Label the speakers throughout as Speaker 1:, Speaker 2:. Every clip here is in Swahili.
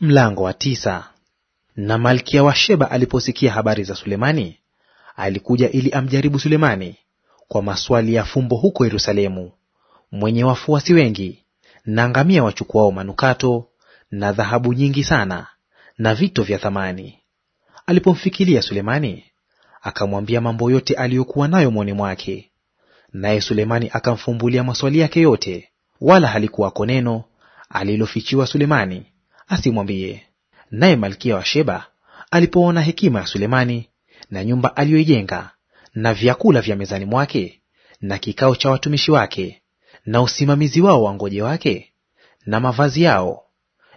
Speaker 1: Mlango wa tisa. Na malkia wa Sheba aliposikia habari za Sulemani, alikuja ili amjaribu Sulemani kwa maswali ya fumbo huko Yerusalemu, mwenye wafuasi wengi na ngamia wachukuao manukato na dhahabu nyingi sana na vito vya thamani. Alipomfikilia Sulemani, akamwambia mambo yote aliyokuwa nayo mwoni mwake, naye Sulemani akamfumbulia maswali yake yote, wala halikuwako neno alilofichiwa Sulemani asimwambie. Naye malkia wa Sheba alipoona hekima ya Sulemani na nyumba aliyoijenga na vyakula vya mezani mwake na kikao cha watumishi wake na usimamizi wao wa ngoje wake na mavazi yao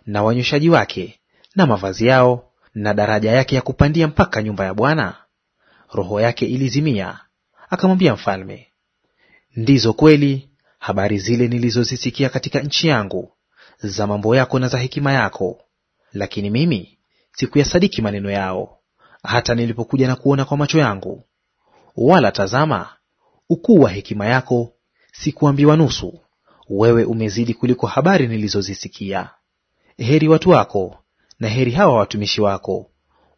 Speaker 1: na wanyweshaji wake na mavazi yao na daraja yake ya kupandia mpaka nyumba ya Bwana, roho yake ilizimia, akamwambia mfalme, ndizo kweli habari zile nilizozisikia katika nchi yangu za mambo yako na za hekima yako, lakini mimi sikuyasadiki maneno yao, hata nilipokuja na kuona kwa macho yangu. Wala tazama, ukuu wa hekima yako sikuambiwa nusu; wewe umezidi kuliko habari nilizozisikia. Heri watu wako na heri hawa watumishi wako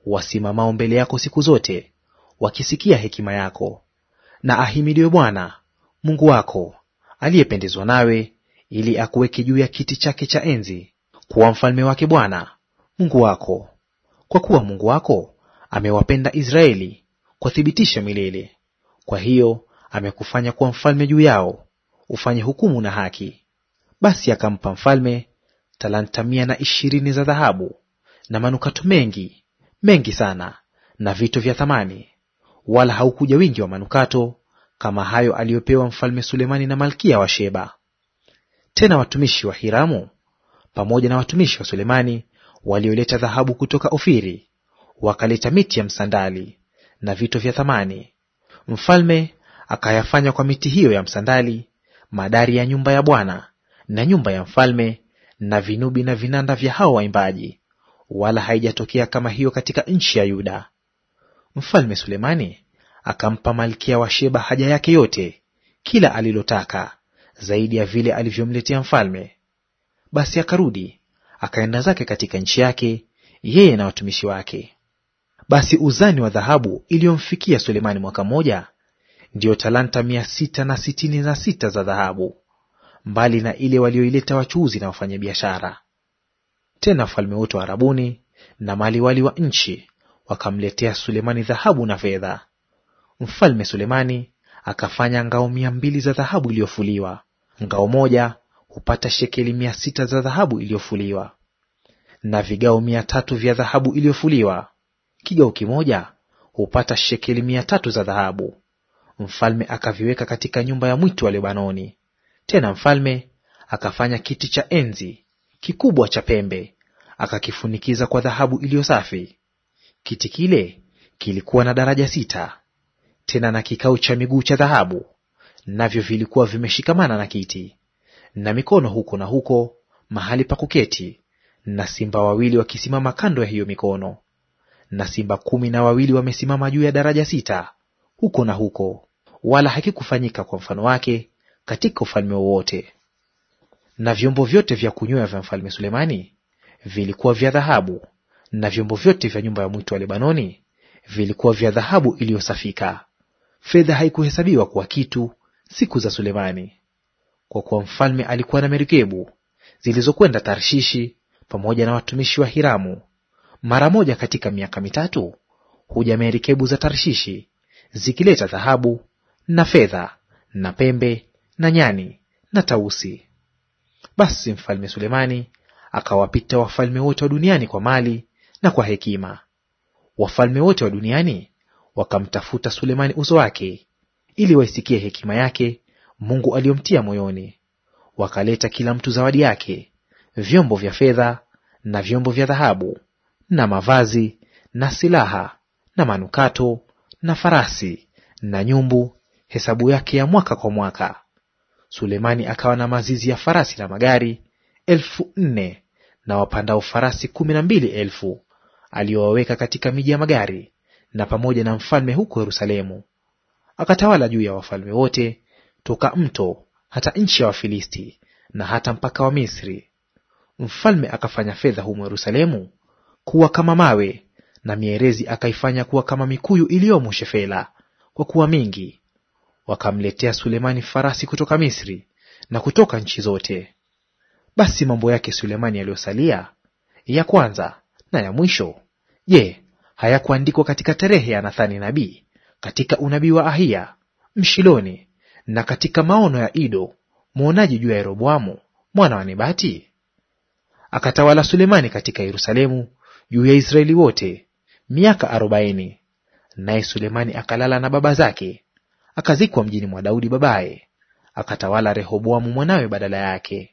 Speaker 1: wasimamao mbele yako siku zote, wakisikia hekima yako. Na ahimidiwe Bwana Mungu wako aliyependezwa nawe ili akuweke juu ya kiti chake cha enzi kuwa mfalme wake Bwana Mungu wako, kwa kuwa Mungu wako amewapenda Israeli kwa thibitisho milele. Kwa hiyo amekufanya kuwa mfalme juu yao, ufanye hukumu na haki. Basi akampa mfalme talanta mia na ishirini za dhahabu na manukato mengi mengi sana na vito vya thamani, wala haukuja wingi wa manukato kama hayo aliyopewa mfalme Sulemani na malkia wa Sheba. Tena watumishi wa Hiramu pamoja na watumishi wa Sulemani walioleta dhahabu kutoka Ofiri wakaleta miti ya msandali na vito vya thamani. Mfalme akayafanya kwa miti hiyo ya msandali madari ya nyumba ya Bwana na nyumba ya mfalme na vinubi na vinanda vya hao waimbaji, wala haijatokea kama hiyo katika nchi ya Yuda. Mfalme Sulemani akampa malkia wa Sheba haja yake yote, kila alilotaka, zaidi ya vile alivyomletea mfalme. Basi akarudi akaenda zake katika nchi yake, yeye na watumishi wake. Basi uzani wa dhahabu iliyomfikia Sulemani mwaka mmoja ndiyo talanta mia sita na sitini na sita za dhahabu, mbali na ile walioileta wachuuzi na wafanyabiashara. Tena wafalme wote wa Arabuni na maliwali wa nchi wakamletea Sulemani dhahabu na fedha. Mfalme Sulemani akafanya ngao mia mbili za dhahabu iliyofuliwa. Ngao moja hupata shekeli mia sita za dhahabu iliyofuliwa, na vigao mia tatu vya dhahabu iliyofuliwa; kigao kimoja hupata shekeli mia tatu za dhahabu. Mfalme akaviweka katika nyumba ya mwitu wa Lebanoni. Tena mfalme akafanya kiti cha enzi kikubwa cha pembe, akakifunikiza kwa dhahabu iliyo safi. Kiti kile kilikuwa na daraja sita, tena na kikao cha miguu cha dhahabu navyo vilikuwa vimeshikamana na kiti, na mikono huko na huko mahali pa kuketi, na simba wawili wakisimama kando ya hiyo mikono, na simba kumi na wawili wamesimama juu ya daraja sita huko na huko, wala hakikufanyika kwa mfano wake katika ufalme wowote. Na vyombo vyote vya kunywea vya mfalme Sulemani vilikuwa vya dhahabu, na vyombo vyote vya nyumba ya mwitu wa Lebanoni vilikuwa vya dhahabu iliyosafika. Fedha haikuhesabiwa kuwa kitu siku za Sulemani, kwa kuwa mfalme alikuwa na merikebu zilizokwenda Tarshishi pamoja na watumishi wa Hiramu. Mara moja katika miaka mitatu huja merikebu za Tarshishi zikileta dhahabu na fedha na pembe na nyani na tausi. Basi mfalme Sulemani akawapita wafalme wote wa duniani kwa mali na kwa hekima. Wafalme wote wa duniani wakamtafuta Sulemani uso wake, ili waisikie hekima yake Mungu aliyomtia moyoni. Wakaleta kila mtu zawadi yake, vyombo vya fedha na vyombo vya dhahabu na mavazi na silaha na manukato na farasi na nyumbu, hesabu yake ya mwaka kwa mwaka. Sulemani akawa na mazizi ya farasi na magari elfu nne na wapandao farasi kumi na mbili elfu aliyowaweka katika miji ya magari na pamoja na mfalme huko Yerusalemu. Akatawala juu ya wafalme wote toka mto hata nchi ya Wafilisti na hata mpaka wa Misri. Mfalme akafanya fedha humo Yerusalemu kuwa kama mawe, na mierezi akaifanya kuwa kama mikuyu iliyomo Shefela, kwa kuwa mingi. Wakamletea Sulemani farasi kutoka Misri na kutoka nchi zote. Basi mambo yake Sulemani yaliyosalia ya kwanza na ya mwisho, je, hayakuandikwa katika tarehe ya Nathani nabii katika unabii wa Ahiya Mshiloni na katika maono ya Ido mwonaji juu ya Yeroboamu mwana wa Nebati. Akatawala Sulemani katika Yerusalemu juu ya Israeli wote miaka arobaini, naye Sulemani akalala na baba zake, akazikwa mjini mwa Daudi babaye, akatawala Rehoboamu mwanawe badala yake.